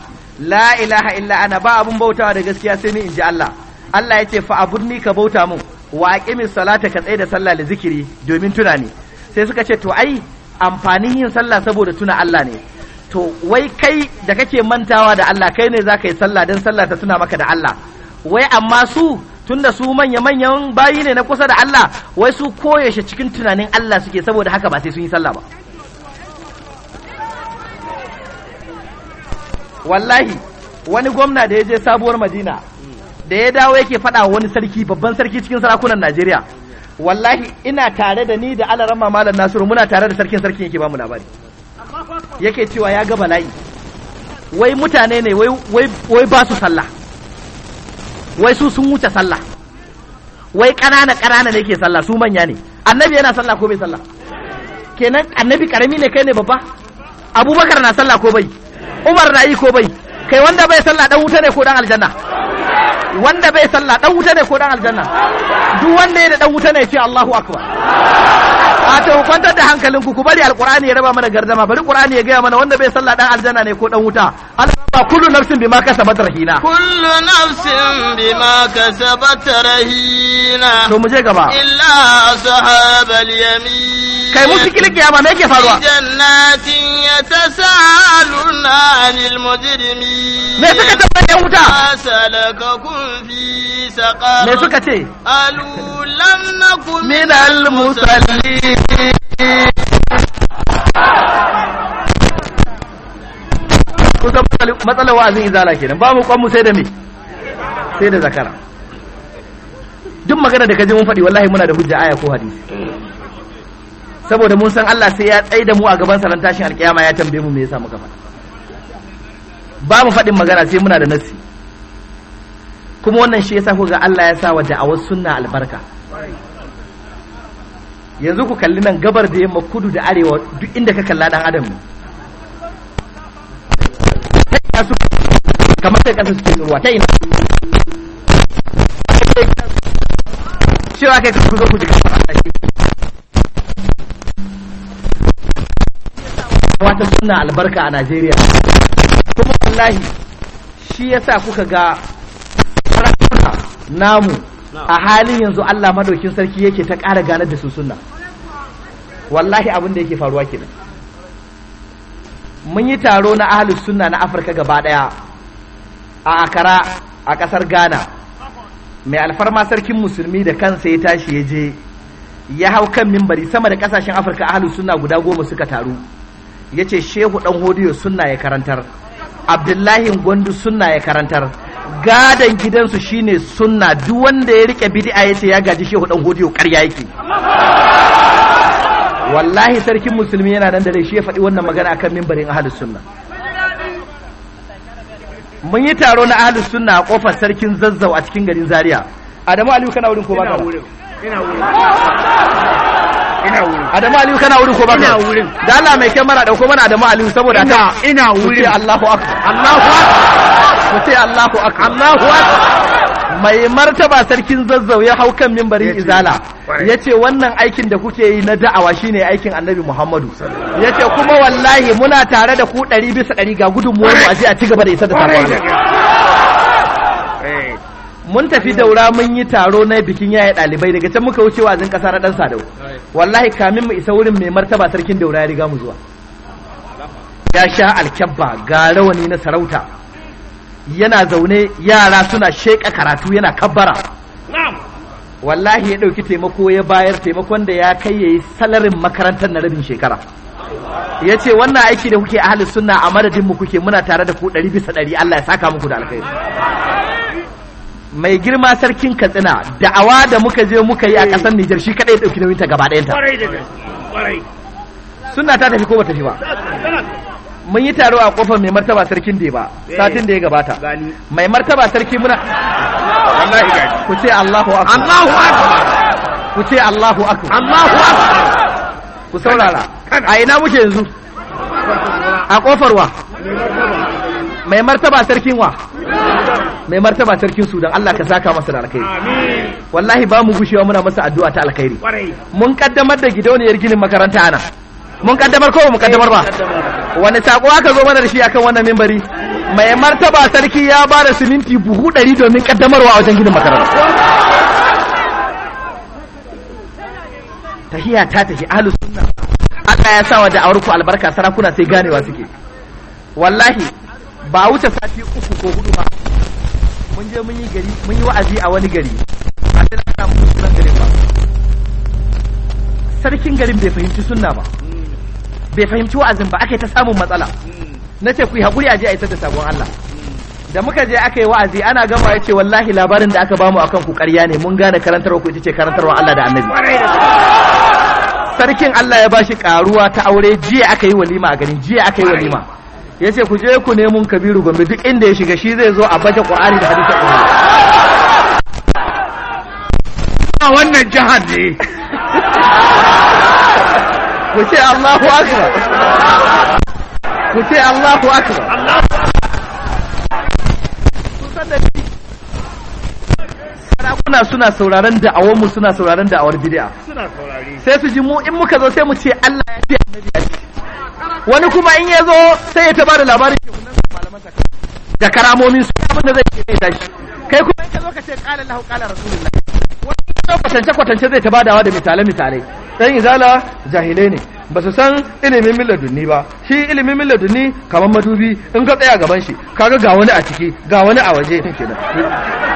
la ilaha illa ana ba abun bautawa da gaskiya sai ni inji Allah Allah ya yace fa'budni ka bauta mun wa aqimis salata ka tsaye da sallah li zikiri domin tunani sai suka ce to ai amfanin yin sallah saboda tuna Allah ne to wai kai da kake mantawa da Allah kai ne zaka yi sallah dan sallah ta tuna maka da Allah wai amma su tunda su manya manyan bayi ne na kusa da Allah wai su koyaushe cikin tunanin Allah suke saboda haka ba sai sun yi sallah ba wallahi wani gwamna da ya je sabuwar Madina da ya dawo yake faɗa wani sarki babban sarki cikin sarakunan Najeriya wallahi ina tare da ni da alarama malam nasiru muna tare da sarkin sarkin yake bamu labari yake cewa ya ga bala'i wai mutane ne wai ba su sallah wai su sun wuce sallah wai ƙanana ƙanana ne ke sallah su manya ne annabi yana sallah ko bai sallah kenan annabi karami ne kai ne babba abubakar na sallah ko bai umar na yi ko bai kai wanda bai sallah dan wuta ne ko dan aljanna wanda bai sallah dan wuta ne ko dan aljanna duk wanda ya da dan wuta ne ya ce Allahu akbar a to kwantar da hankalinku ku bari alqur'ani ya raba mana gardama bari qur'ani ya gaya mana wanda bai sallah dan aljanna ne ko dan wuta Allah ba kullu nafsin bima kasabat rahina kullu nafsin bima kasabat rahina to mu je gaba illa ashabal yamin kai musu kilin kiyama me ke faruwa jannatin yatasaluna anil mujrimin me suka tambaye yan wuta asalakakum fi saqar me suka ce alu lam nakum min al musallin kusan matsalar wa'azin izala kenan babu kwan mu sai da me sai da zakara duk magana da kaji mun faɗi wallahi muna da hujja aya ko hadisi saboda mun san Allah sai ya tsaye da mu a gaban saran tashin alkiyama ya tambaye mu me yasa muka faɗa ba mu faɗin magana sai muna da nasi kuma wannan shi yasa ga Allah ya sa wa da'awar sunna albarka yanzu ku kalli nan gabar da yamma kudu da arewa duk inda ka kalla dan adam kamar kai kasa suke ruwa ta ina cewa kai kuka ku ji awata ta sunna albarka a Najeriya kuma wallahi shi yasa kuka ga sarakuna namu a halin yanzu Allah madaukin sarki yake ta ƙara ganar da su sunna wallahi abin da yake faruwa kenan mun yi taro na ahalus sunna na Afirka gaba ɗaya a Akara a ƙasar Ghana mai alfarma sarkin musulmi da kansa ya tashi ya je ya hau kan mimbari sama da ƙasashen afirka ahalus suna guda goma suka taru ya ce shehu ɗan hodiyo suna ya karantar abdullahi gwandu sunna ya karantar gadon gidansu shine sunna duk wanda ya rike bid'a ya ce ya gaji shehu ɗan hodiyo karya yake wallahi sarkin musulmi yana nan da rai shi ya faɗi wannan magana akan mimbarin ahlus sunna mun yi taro na ahlus sunna a kofar sarkin zazzau a cikin garin Zariya. adamu aliyu kana wurin ko ba ka ina wurin ina wurin Adamu Aliyu kana wurin ko ba ina wurin da Allah mai kyamara dauko mana Adamu Aliyu saboda ta ina wurin Allahu akbar Allahu akbar ku ce Allahu akbar Allahu mai martaba sarkin zazzau ya hau kan mimbarin izala ya ce wannan aikin da kuke yi na da'awa shine aikin annabi muhammadu ya ce kuma wallahi muna tare da ku ɗari bisa ɗari ga gudunmuwar mu a je a ci gaba da isa da sabuwa mun tafi daura mun yi taro na bikin yaya ɗalibai daga can muka wuce wazin kasa na dan sadau wallahi kamin mu isa wurin mai martaba sarkin daura ya riga mu zuwa ya sha alkyabba ga rawani na sarauta yana zaune yara suna sheƙa karatu yana kabbara wallahi ya ɗauki taimako ya bayar taimakon da ya kai ya yi salarin makarantar na rabin shekara ya ce wannan aiki da kuke ahalin sunna a madadinmu kuke muna tare da ku ɗari bisa ɗari Allah ya saka muku da alkhairi mai girma sarkin katsina da'awa da muka je muka yi a kasar eh. Nijar shi kaɗai ɗauki nauyin ta gaba ɗayanta. Suna ta tafi ko ba tafi ba. Mun yi taro a kofar mai martaba sarkin da ba eh. satin da ya gabata. Mai martaba sarki muna. Ku ce Allahu akbar. Allahu akbar. Ku ce Allahu akbar. Allahu akbar. Ku saurara. A ina muke yanzu? A kofar wa. Mai martaba sarkin wa. mai martaba sarkin sudan Allah ka saka masa da alkhairi wallahi ba mu gushewa muna masa addu'a ta alkhairi mun kaddamar da gidauniyar ginin makaranta ana mun kaddamar ko mu kaddamar ba eh, wani sako aka zo mana da shi akan wannan mimbari mai martaba sarki ya ba da siminti buhu ɗari domin kaddamarwa a wajen ginin makaranta tahiya ta tahi ahlu sunna Allah ya sa wa da'awar ku albarka sarakuna sai ganewa suke wallahi ba wuce sati uku ko hudu ba mun je mun yi gari mun yi wa'azi a wani gari a sai na samu sunan garin ba sarkin garin bai fahimci sunna ba bai fahimci wa'azin ba aka ta samun matsala na ce ku yi haƙuri a je a yi ta da sabon Allah da muka je aka yi wa'azi ana gama ya ce wallahi labarin da aka bamu akan ku ƙarya ne mun gane karantarwa ku ita ce karantarwa Allah da annabi sarkin Allah ya bashi karuwa ta aure jiya aka yi walima a garin jiya aka yi walima ya ce ku je ku nemun kabiru gombe duk inda ya shiga shi zai zo a baje ƙwa'ani da hadisun ƙwa'ani a wannan jihar ne ku ce allahu akbar ku ce allahu akbar suna suna sauraron da'awar mu suna sauraron awar bid'a suna saurari sai su ji mu in muka zo sai mu ce Allah ya fi annabi ya ce wani kuma in ya zo sai ya ta bada labarin ke kunan malaman ta da karamomin su abin da zai ce shi kai kuma in ka zo ka ce qala Allahu qala rasulullah wani ya kwatance kwatance zai ta badawa da misale misale dan izala jahilai ne ba su san ilimin milladunni ba shi ilimin milladunni kamar madubi in ka tsaya gaban shi kaga ga wani a ciki ga wani a waje kenan